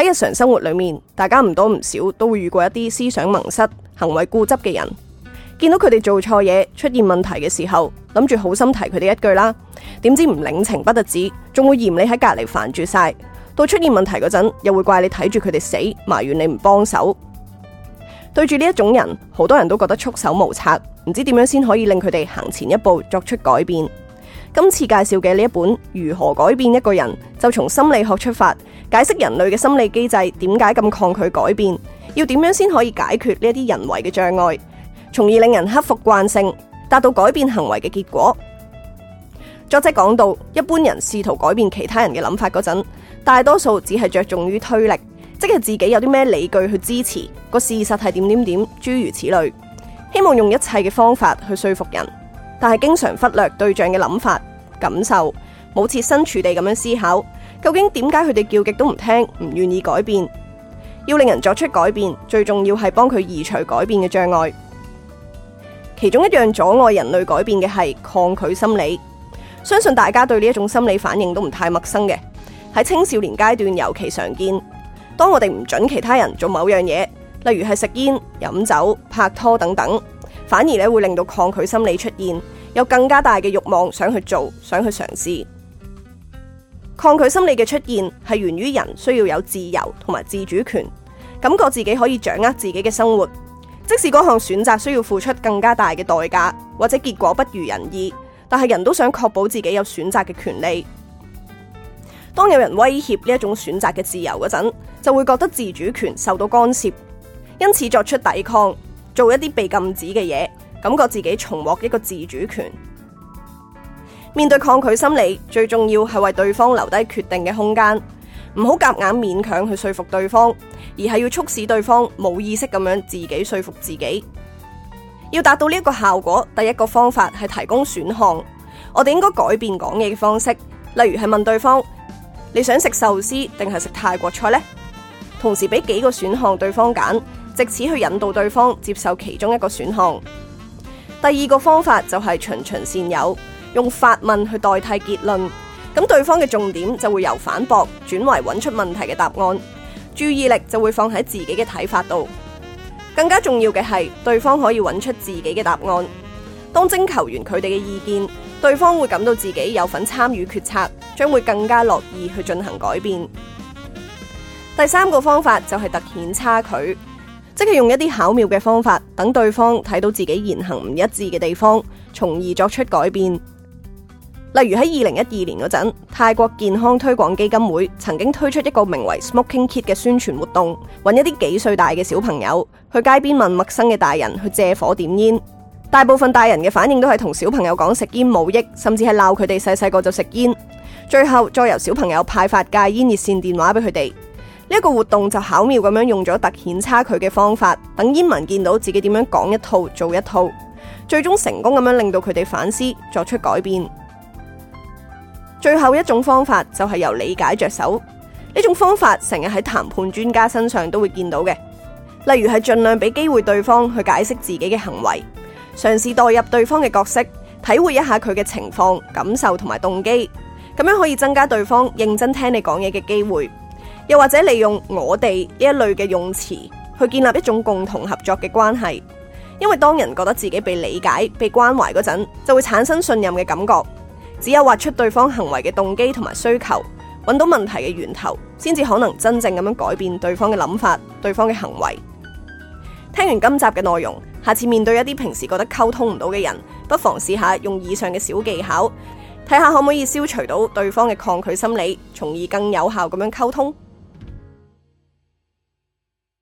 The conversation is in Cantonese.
喺日常生活裏面，大家唔多唔少都會遇過一啲思想盲塞、行為固執嘅人。見到佢哋做錯嘢、出現問題嘅時候，諗住好心提佢哋一句啦，點知唔領情不得止，仲會嫌你喺隔籬煩住晒。到出現問題嗰陣，又會怪你睇住佢哋死，埋怨你唔幫手。對住呢一種人，好多人都覺得束手無策，唔知點樣先可以令佢哋行前一步，作出改變。今次介紹嘅呢一本如何改變一個人，就從心理學出發，解釋人類嘅心理機制，點解咁抗拒改變，要點樣先可以解決呢一啲人為嘅障礙，從而令人克服慣性，達到改變行為嘅結果。作者講到，一般人試圖改變其他人嘅諗法嗰陣，大多數只係着重於推力，即係自己有啲咩理據去支持。個事實係點點點，諸如此類，希望用一切嘅方法去說服人。但係經常忽略對象嘅諗法、感受，冇設身處地咁樣思考，究竟點解佢哋叫極都唔聽，唔願意改變？要令人作出改變，最重要係幫佢移除改變嘅障礙。其中一樣阻礙人類改變嘅係抗拒心理。相信大家對呢一種心理反應都唔太陌生嘅，喺青少年階段尤其常見。當我哋唔准其他人做某樣嘢，例如係食煙、飲酒、拍拖等等。反而咧，會令到抗拒心理出現，有更加大嘅慾望想去做，想去嘗試。抗拒心理嘅出現係源於人需要有自由同埋自主權，感覺自己可以掌握自己嘅生活，即使嗰項選擇需要付出更加大嘅代價或者結果不如人意，但係人都想確保自己有選擇嘅權利。當有人威脅呢一種選擇嘅自由嗰陣，就會覺得自主權受到干涉，因此作出抵抗。做一啲被禁止嘅嘢，感覺自己重獲一個自主權。面對抗拒心理，最重要係為對方留低決定嘅空間，唔好夾硬勉強去說服對方，而係要促使對方冇意識咁樣自己說服自己。要達到呢一個效果，第一個方法係提供選項。我哋應該改變講嘢嘅方式，例如係問對方「你想食壽司定係食泰國菜呢？」同時俾幾個選項，對方揀。借此去引導對方接受其中一個選項。第二個方法就係循循善誘，用發問去代替結論，咁對方嘅重點就會由反駁轉為揾出問題嘅答案，注意力就會放喺自己嘅睇法度。更加重要嘅係，對方可以揾出自己嘅答案。當徵求完佢哋嘅意見，對方會感到自己有份參與決策，將會更加樂意去進行改變。第三個方法就係突顯差距。即係用一啲巧妙嘅方法，等對方睇到自己言行唔一致嘅地方，從而作出改變。例如喺二零一二年嗰陣，泰國健康推廣基金會曾經推出一個名為 Smoking Kid 嘅宣傳活動，揾一啲幾歲大嘅小朋友去街邊問陌生嘅大人去借火點煙。大部分大人嘅反應都係同小朋友講食煙冇益，甚至係鬧佢哋細細個就食煙。最後再由小朋友派發戒煙熱線電話俾佢哋。呢一個活動就巧妙咁樣用咗突顯差距嘅方法，等煙民見到自己點樣講一套做一套，最終成功咁樣令到佢哋反思，作出改變。 最後一種方法就係由理解着手，呢種方法成日喺談判專家身上都會見到嘅。例如係盡量俾機會對方去解釋自己嘅行為，嘗試代入對方嘅角色，體會一下佢嘅情況、感受同埋動機，咁樣可以增加對方認真聽你講嘢嘅機會。又或者利用我哋呢一類嘅用詞，去建立一種共同合作嘅關係。因為當人覺得自己被理解、被關懷嗰陣，就會產生信任嘅感覺。只有挖出對方行為嘅動機同埋需求，揾到問題嘅源頭，先至可能真正咁樣改變對方嘅諗法、對方嘅行為。聽完今集嘅內容，下次面對一啲平時覺得溝通唔到嘅人，不妨試下用以上嘅小技巧，睇下可唔可以消除到對方嘅抗拒心理，從而更有效咁樣溝通。